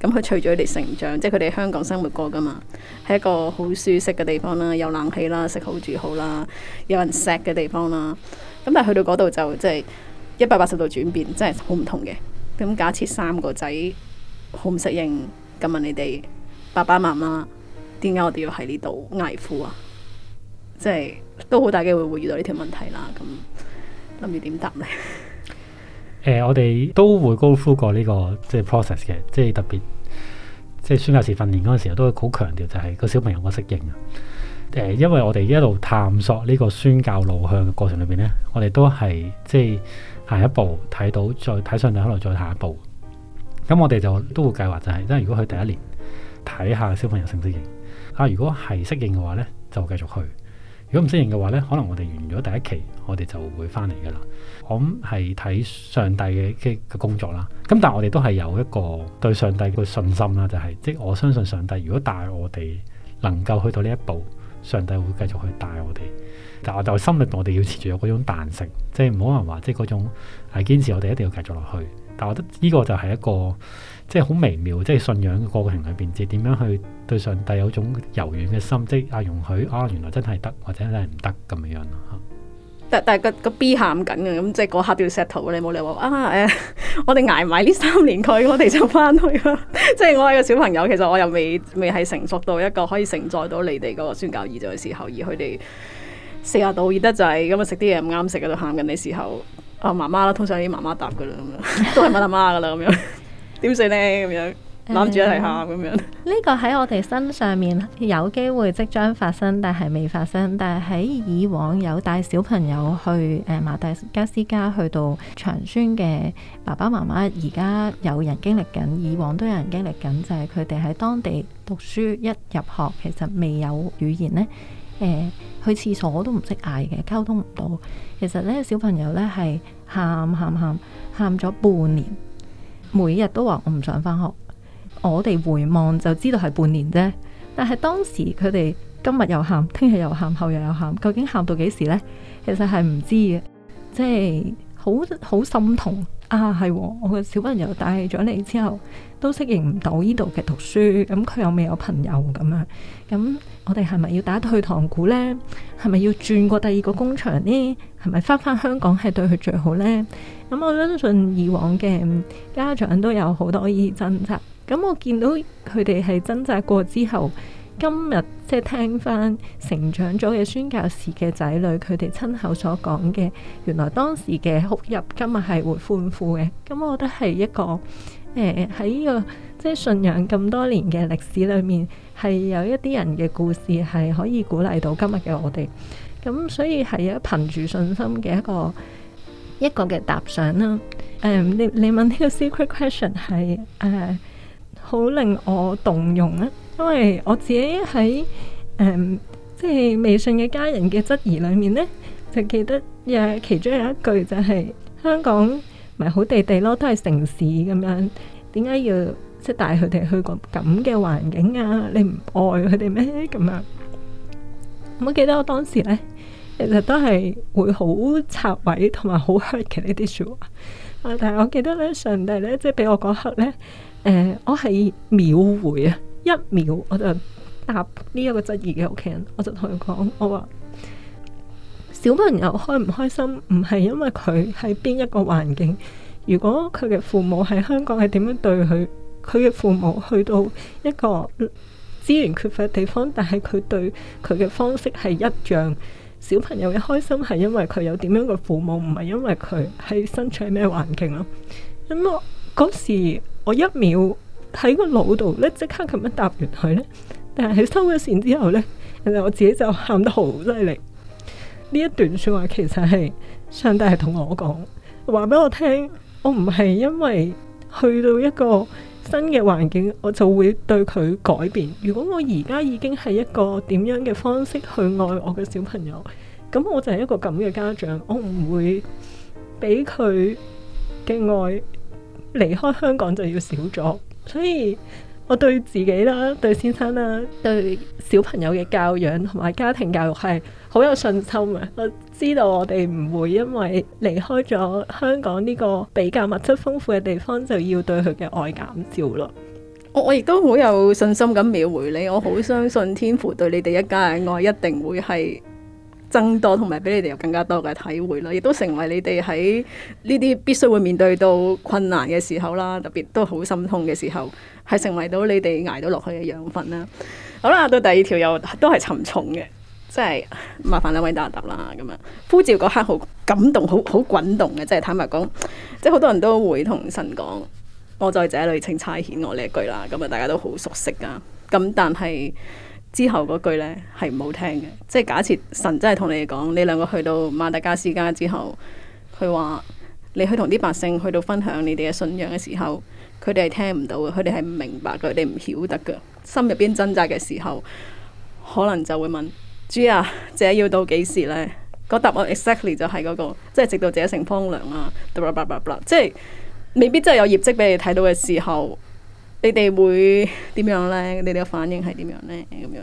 咁佢、嗯、隨住佢哋成長，即係佢哋香港生活過噶嘛，係一個好舒適嘅地方啦，有冷氣啦，食好住好啦，有人錫嘅地方啦。咁、嗯、但係去到嗰度就即係一百八十度轉變，真係好唔同嘅。咁、嗯、假設三個仔好唔適應，咁問你哋爸爸媽媽點解我哋要喺呢度捱苦啊？即係都好大機會會遇到呢條問題啦。咁諗住點答呢？誒、呃，我哋都會 go through 過呢個即係 process 嘅，即係特別即係宣教士訓練嗰陣時候，都會好強調就係個小朋友嘅適應啊！誒、呃，因為我哋一路探索呢個宣教路向嘅過程裏邊咧，我哋都係即係行一步睇到，再睇上嚟可能再下一步。咁我哋就都會計劃就係、是，即係如果佢第一年睇下小朋友適唔適應，啊，如果係適應嘅話咧，就繼續去。如果唔適應嘅話咧，可能我哋完咗第一期，我哋就會翻嚟噶啦。我諗係睇上帝嘅嘅工作啦。咁但係我哋都係有一個對上帝嘅信心啦，就係即係我相信上帝。如果帶我哋能夠去到呢一步，上帝會繼續去帶我哋。但我就心裏我哋要持住有嗰種彈性，即係唔可能話即係嗰種係堅持我哋一定要繼續落去。但我覺得呢個就係一個即係好微妙即係、就是、信仰嘅過程裏邊，即係點樣去。對上帝有種柔軟嘅心，即係啊，容許啊，原來真係得，或者真係唔得咁嘅樣嚇。但但個個 B 喊緊嘅，咁即係嗰刻要 settle 你冇理由話啊誒、欸，我哋挨埋呢三年佢，我哋就翻去啦。 即係我係個小朋友，其實我又未未係成熟到一個可以承載到你哋嗰個宣教熱度嘅時候，而佢哋四十度熱得滯，咁啊食啲嘢唔啱食，喺度喊緊嘅時候，啊媽媽啦，通常啲媽媽答噶啦，都係問阿媽噶啦，咁樣點算咧咁樣？攬住一係喊咁樣，呢個喺我哋身上面有機會即將發生，但係未發生。但係喺以往有帶小朋友去誒、啊、馬達加斯加去到長宣嘅爸爸媽媽，而家有人經歷緊，以往都有人經歷緊，就係佢哋喺當地讀書一入學，其實未有語言呢，誒、啊、去廁所都唔識嗌嘅，溝通唔到。其實呢，小朋友呢係喊喊喊喊咗半年，每日都話我唔想返學。我哋回望就知道係半年啫，但係當時佢哋今日又喊，聽日又喊，後日又喊，究竟喊到幾時呢？其實係唔知嘅，即係好好心痛啊。係、哦、我個小朋友帶咗嚟之後，都適應唔到呢度嘅讀書，咁佢又未有朋友咁啊。咁、嗯、我哋係咪要打退堂鼓呢？係咪要轉過第二個工場呢？係咪翻返香港係對佢最好呢？咁、嗯、我相信以往嘅家長都有好多意爭執。咁我見到佢哋係掙扎過之後，今日即係聽翻成長咗嘅宣教士嘅仔女，佢哋親口所講嘅，原來當時嘅哭泣，今日係會歡呼嘅。咁我覺得係一個誒喺呢個即係、就是、信仰咁多年嘅歷史裏面，係有一啲人嘅故事係可以鼓勵到今日嘅我哋。咁所以係一憑住信心嘅一個一個嘅踏上啦。誒、呃，你你問呢個 secret question 係。誒、呃？好令我動容啊！因為我自己喺誒，即係微信嘅家人嘅質疑裏面咧，就記得亦係其中有一句就係：香港唔係好地地咯，都係城市咁樣，點解要即係帶佢哋去個咁嘅環境啊？你唔愛佢哋咩？咁樣，我記得我當時咧，其實都係會好插位同埋好 hurt 嘅呢啲說話。但係我記得咧，上帝咧，即係俾我嗰刻咧，誒、呃，我係秒回啊！一秒我就答呢一個質疑嘅屋企人，我就同佢講，我話小朋友開唔開心，唔係因為佢喺邊一個環境，如果佢嘅父母喺香港係點樣對佢，佢嘅父母去到一個資源缺乏嘅地方，但係佢對佢嘅方式係一樣。小朋友嘅開心係因為佢有點樣嘅父母，唔係因為佢喺身處咩環境咯。咁我嗰時我一秒喺個腦度咧，即刻咁樣答完佢咧，但係喺收咗線之後咧，其實我自己就喊得好犀利。呢一段說話其實係上帝係同我講，話俾我聽，我唔係因為去到一個。真嘅環境，我就會對佢改變。如果我而家已經係一個點樣嘅方式去愛我嘅小朋友，咁我就係一個咁嘅家長，我唔會俾佢嘅愛離開香港就要少咗。所以我對自己啦、對先生啦、對小朋友嘅教養同埋家庭教育係好有信心嘅啊。知道我哋唔會因為離開咗香港呢個比較物質豐富嘅地方，就要對佢嘅愛減少咯。我我亦都好有信心咁秒回你，我好相信天父對你哋一家嘅愛一定會係增多，同埋俾你哋有更加多嘅體會啦。亦都成為你哋喺呢啲必須會面對到困難嘅時候啦，特別都好心痛嘅時候，係成為到你哋捱到落去嘅養分啦。好啦，到第二條又都係沉重嘅。即係麻煩兩位答答啦，咁啊，呼召嗰刻好感動，好好滾動嘅。即係坦白講，即係好多人都會同神講：我在這裏，請差遣我呢一句啦。咁啊，大家都好熟悉㗎。咁但係之後嗰句呢，係唔好聽嘅。即係假設神真係同你哋講，你兩個去到馬達加斯加之後，佢話你去同啲百姓去到分享你哋嘅信仰嘅時候，佢哋係聽唔到嘅，佢哋係唔明白，佢哋唔曉得嘅，心入邊掙扎嘅時候，可能就會問。主啊，者要到幾時咧？嗰、那個、答案 exactly 就係嗰、那個，即係直到者成荒涼啦。即係未必真係有業績俾你睇到嘅時候，你哋會點樣咧？你哋嘅反應係點樣咧？咁樣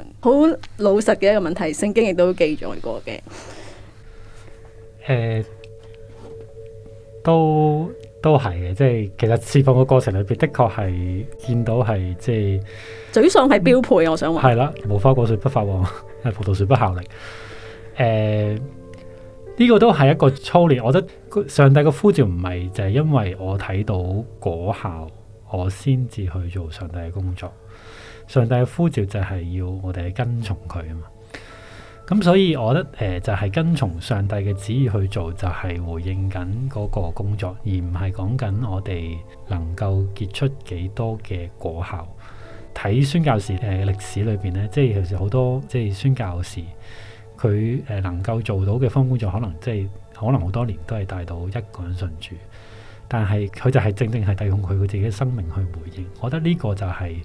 好老實嘅一個問題，聖經亦都記載過嘅。誒、呃，都都係嘅，即係其實釋放嘅過程裏邊的確係見到係即係沮喪係標配、嗯、我想話係啦，無花果樹不發旺。葡萄樹不效力，誒，呢個都係一個操練。我覺得上帝嘅呼召唔係就係、是，因為我睇到果效，我先至去做上帝嘅工作。上帝嘅呼召就係要我哋跟從佢啊嘛。咁所以我覺得誒、呃，就係、是，跟從上帝嘅旨意去做，就係、是，回應緊嗰個工作，而唔係講緊我哋能夠結出幾多嘅果效。睇宣教士誒歷史裏邊咧，即係其實好多即係宣教士，佢誒能夠做到嘅方工作可能即係可能好多年都係帶到一個人信主。但係佢就係正正係利用佢佢自己嘅生命去回應，我覺得呢個就係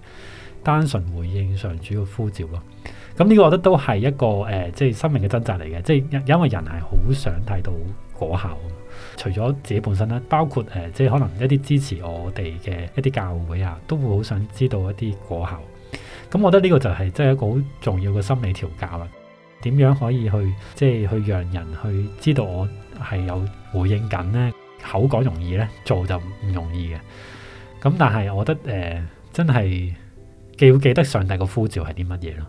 單純回應上主嘅呼召咯。咁、嗯、呢、這個我覺得都係一個誒、呃、即係生命嘅掙扎嚟嘅，即係因因為人係好想睇到果效。除咗自己本身啦，包括誒，即係可能一啲支持我哋嘅一啲教會啊，都會好想知道一啲果效。咁我覺得呢個就係，即係一個好重要嘅心理調教啦。點樣可以去即係、就是、去讓人去知道我係有回應緊呢，口講容易呢，做就唔容易嘅。咁但係我覺得誒、呃，真係既要記得上帝嘅呼召係啲乜嘢咯，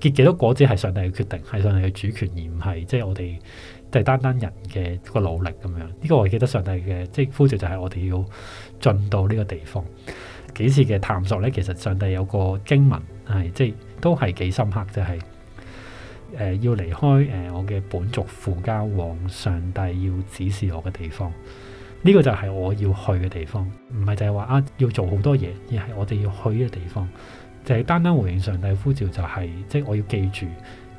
結幾多果子係上帝嘅決定，係上帝嘅主權，而唔係即係我哋。就係單單人嘅個努力咁樣，呢、這個我記得上帝嘅即係呼召就係我哋要進到呢個地方。幾次嘅探索咧，其實上帝有個經文係，即係、就是、都係幾深刻，就係、是、誒、呃、要離開誒、呃、我嘅本族父家，往上帝要指示我嘅地方。呢、這個就係我要去嘅地方，唔、這、係、個、就係話啊要做好多嘢，而係我哋要去嘅地方。就係、是、單單回應上帝呼召、就是，就係即係我要記住，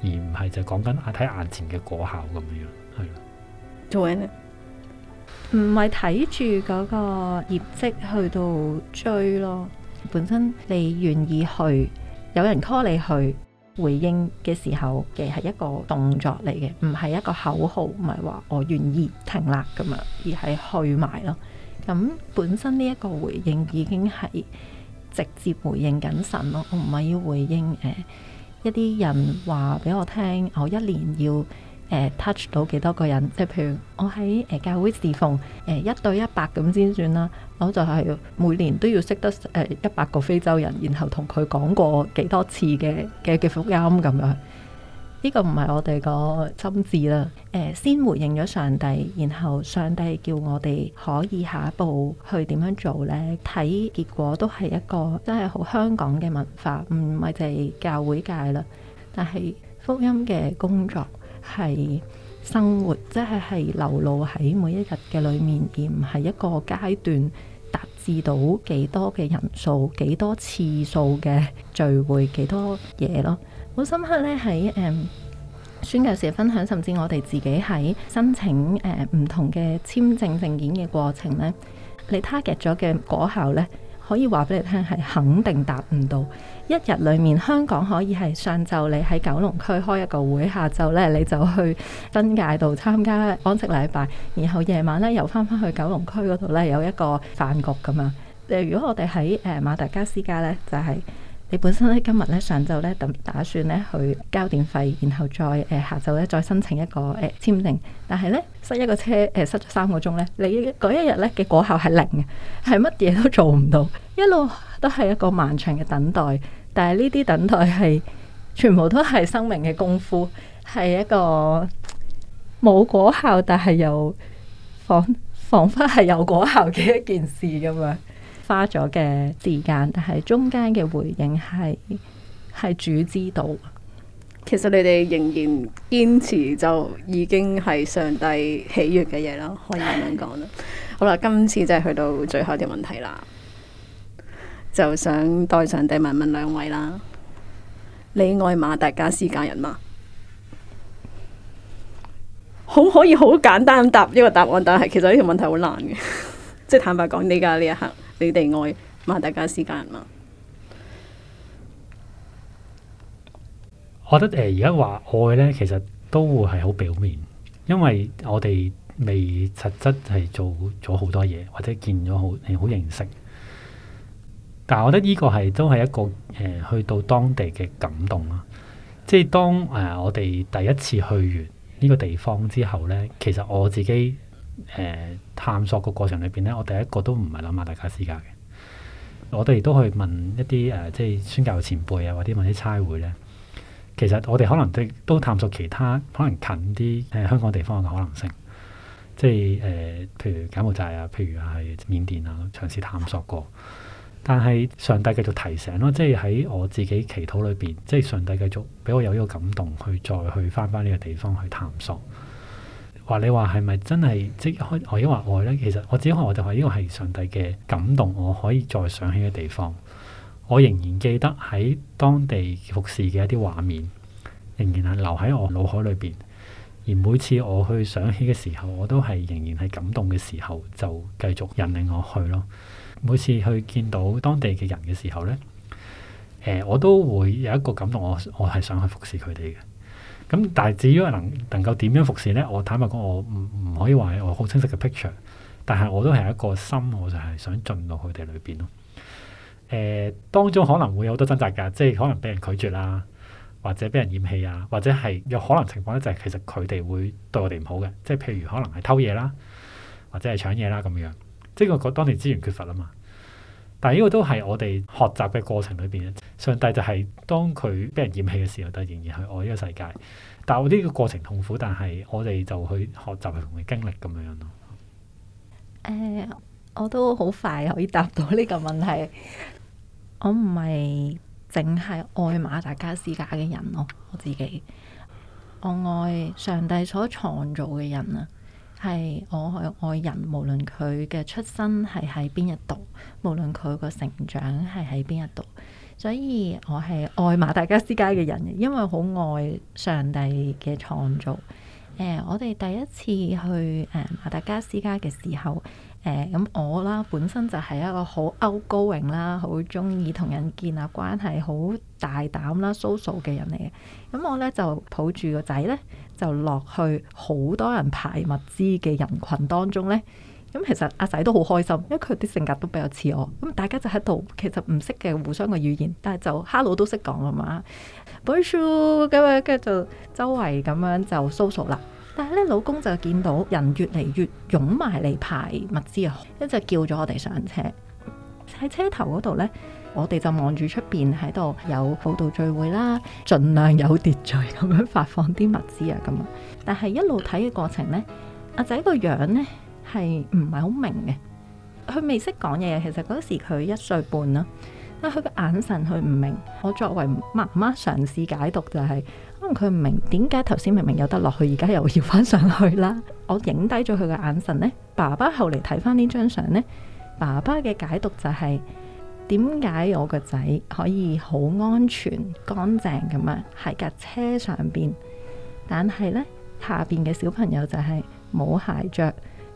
而唔係就講緊啊睇眼前嘅果效咁樣。做唔係睇住嗰個業績去到追咯。本身你願意去，有人 call 你去回應嘅時候，嘅係一個動作嚟嘅，唔係一個口號，唔係話我願意停啦咁樣，而係去埋咯。咁本身呢一個回應已經係直接回應緊神咯，我唔係要回應誒一啲人話俾我聽，我一年要。呃、touch 到幾多個人？即係譬如我喺誒、呃、教會侍奉誒一對一百咁先算啦。我就係每年都要識得誒一百個非洲人，然後同佢講過幾多次嘅嘅嘅福音咁樣。呢、這個唔係我哋個心志啦。誒、呃、先回應咗上帝，然後上帝叫我哋可以下一步去點樣做呢？睇結果都係一個真係好香港嘅文化，唔係淨係教會界啦。但係福音嘅工作。係生活，即係係流露喺每一日嘅裏面，而唔係一個階段達至到幾多嘅人數、幾多次數嘅聚會、幾多嘢咯。好深刻呢，喺誒宣教士分享，甚至我哋自己喺申請誒唔同嘅簽證證件嘅過程呢，你 target 咗嘅果效呢，可以話俾你聽係肯定達唔到。一日裏面，香港可以係上晝你喺九龍區開一個會，下晝咧你就去新界度參加安息禮拜，然後夜晚咧又翻翻去九龍區嗰度咧有一個飯局咁樣。誒，如果我哋喺誒馬達加斯加咧，就係、是、你本身咧今日咧上晝咧特別打算咧去交電費，然後再誒、呃、下晝咧再申請一個誒、呃、簽證，但係咧塞一個車誒、呃、塞咗三個鐘咧，你嗰一日咧嘅果效係零嘅，係乜嘢都做唔到，一路都係一個漫長嘅等待。但係呢啲等待係，全部都係生命嘅功夫，係一個冇果效，但係又仿仿佛係有果效嘅一件事咁樣，花咗嘅時間，但係中間嘅回應係係主知道。其實你哋仍然堅持就已經係上帝喜悅嘅嘢啦，可以咁樣講啦。 好啦，今次就係去到最後啲問題啦。就想代上帝問問兩位啦，你愛馬達加斯加人嗎？好，可以好簡單咁答呢個答案，但係其實呢條問題好難嘅， 即係坦白講，而家呢一刻，你哋愛馬達加斯加人嘛？我覺得誒，而家話愛呢，其實都會係好表面，因為我哋未實質係做咗好多嘢，或者見咗好好認識。但我覺得呢個係都係一個誒、呃，去到當地嘅感動啦。即係當誒、呃、我哋第一次去完呢個地方之後咧，其實我自己誒、呃、探索個過、過程裏邊咧，我第一個都唔係諗馬達加斯加嘅。我哋亦都去問一啲誒、呃，即係宣教嘅前輩啊，或者問啲差會咧。其實我哋可能都都探索其他可能近啲誒香港地方嘅可能性。即係誒、呃，譬如柬埔寨啊，譬如係緬甸啊，嘗試探索過。但係上帝繼續提醒咯，即係喺我自己祈禱裏邊，即係上帝繼續俾我有呢個感動，去再去返返呢個地方去探索。話你話係咪真係即係開愛一話愛咧？其實我只可我就話呢個係上帝嘅感動，我可以再想起嘅地方。我仍然記得喺當地服侍嘅一啲畫面，仍然係留喺我腦海裏邊。而每次我去想起嘅時候，我都係仍然係感動嘅時候，就繼續引領我去咯。每次去見到當地嘅人嘅時候咧，誒、呃、我都會有一個感動，我我係想去服侍佢哋嘅。咁但係至於能能夠點樣服侍咧，我坦白講，我唔唔可以話我好清晰嘅 picture。但係我都係一個心，我就係想進到佢哋裏邊咯。誒、呃，當中可能會有好多掙扎㗎，即係可能俾人拒絕啦，或者俾人厭棄啊，或者係有可能情況咧，就係其實佢哋會對我哋唔好嘅，即係譬如可能係偷嘢啦，或者係搶嘢啦咁樣。呢係我當年資源缺乏啊嘛，但係呢個都係我哋學習嘅過程裏邊，上帝就係當佢俾人嫌棄嘅時候，但仍然去愛呢個世界。但係呢個過程痛苦，但係我哋就去學習同佢經歷咁樣樣咯。誒，uh, 我都好快可以答到呢個問題。我唔係淨係愛馬達加斯加嘅人咯，我自己我愛上帝所創造嘅人啊。係我係愛人，無論佢嘅出身係喺邊一度，無論佢個成長係喺邊一度，所以我係愛馬達加斯加嘅人，因為好愛上帝嘅創造。誒、呃，我哋第一次去誒、呃、馬達加斯加嘅時候，誒、呃、咁我啦本身就係一個好 outgoing 啦，好中意同人建立關係，好大膽啦、social 嘅人嚟嘅。咁我咧就抱住個仔咧。就落去好多人排物資嘅人群當中呢，咁、嗯、其實阿仔都好開心，因為佢啲性格都比較似我，咁、嗯、大家就喺度，其實唔識嘅互相嘅語言，但係就 hello 都識講啊嘛，Bonjour 咁樣，跟住就周圍咁樣就 social 啦。但係呢，老公就見到人越嚟越擁埋嚟排物資啊，一就叫咗我哋上車，喺車頭嗰度呢。我哋就望住出邊喺度有佈道聚會啦，盡量有秩序，咁樣發放啲物資啊咁啊。但係一路睇嘅過程呢，阿仔個樣呢係唔係好明嘅，佢未識講嘢啊。其實嗰時佢一歲半啦，但係佢個眼神，佢唔明。我作為媽媽嘗試解讀就係、是，可能佢唔明點解頭先明明有得落去，而家又要翻上去啦。我影低咗佢嘅眼神呢。爸爸後嚟睇翻呢張相呢，爸爸嘅解讀就係、是。點解我個仔可以好安全乾淨咁樣喺架車上邊？但係呢，下邊嘅小朋友就係冇鞋着，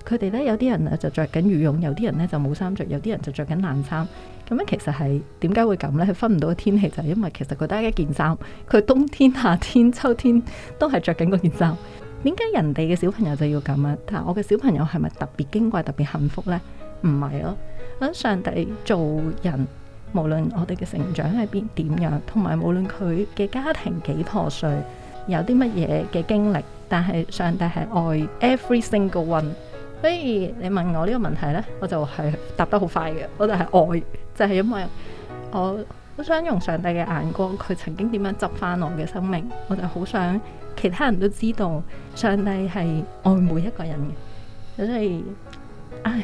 佢哋呢，有啲人啊就着緊羽絨，有啲人呢就冇衫着，有啲人就着緊爛衫。咁樣其實係點解會咁呢？係分唔到嘅天氣就係因為其實佢得一件衫，佢冬天、夏天、秋天都係着緊嗰件衫。點解人哋嘅小朋友就要咁樣？但我嘅小朋友係咪特別矜貴、特別幸福呢？唔係咯。咁上帝做人，無論我哋嘅成長係邊點樣，同埋無論佢嘅家庭幾破碎，有啲乜嘢嘅經歷，但係上帝係愛 every single one。所以你問我呢個問題呢，我就係答得好快嘅，我就係愛，就係因為我好想用上帝嘅眼光，佢曾經點樣執翻我嘅生命，我就好想其他人都知道上帝係愛每一個人嘅。所以，唉。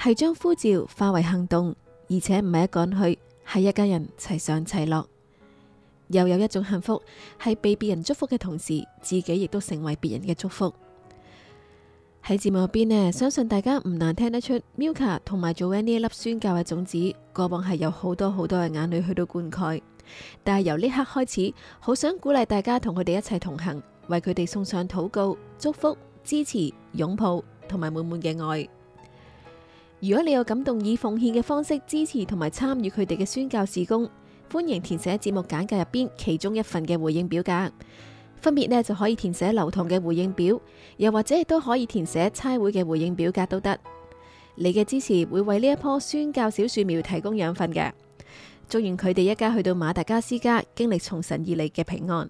係將呼召化為行動，而且唔係一個人去，係一家人齊上齊落。又有一種幸福，係被別人祝福嘅同時，自己亦都成為別人嘅祝福。喺節目入邊咧，相信大家唔難聽得出，Milka 同埋 Joanne 呢粒宣教嘅種子，過往係有好多好多嘅眼淚去到灌溉。但係由呢刻開始，好想鼓勵大家同佢哋一齊同行，為佢哋送上禱告、祝福、支持、擁抱同埋滿滿嘅愛。如果你有感動以奉獻嘅方式支持同埋參與佢哋嘅宣教事工，歡迎填寫節目簡介入邊其中一份嘅回應表格。分別呢就可以填寫流堂嘅回應表，又或者亦都可以填寫差會嘅回應表格都得。你嘅支持會為呢一棵宣教小樹苗提供養分嘅。祝願佢哋一家去到馬達加斯加，經歷從神而嚟嘅平安。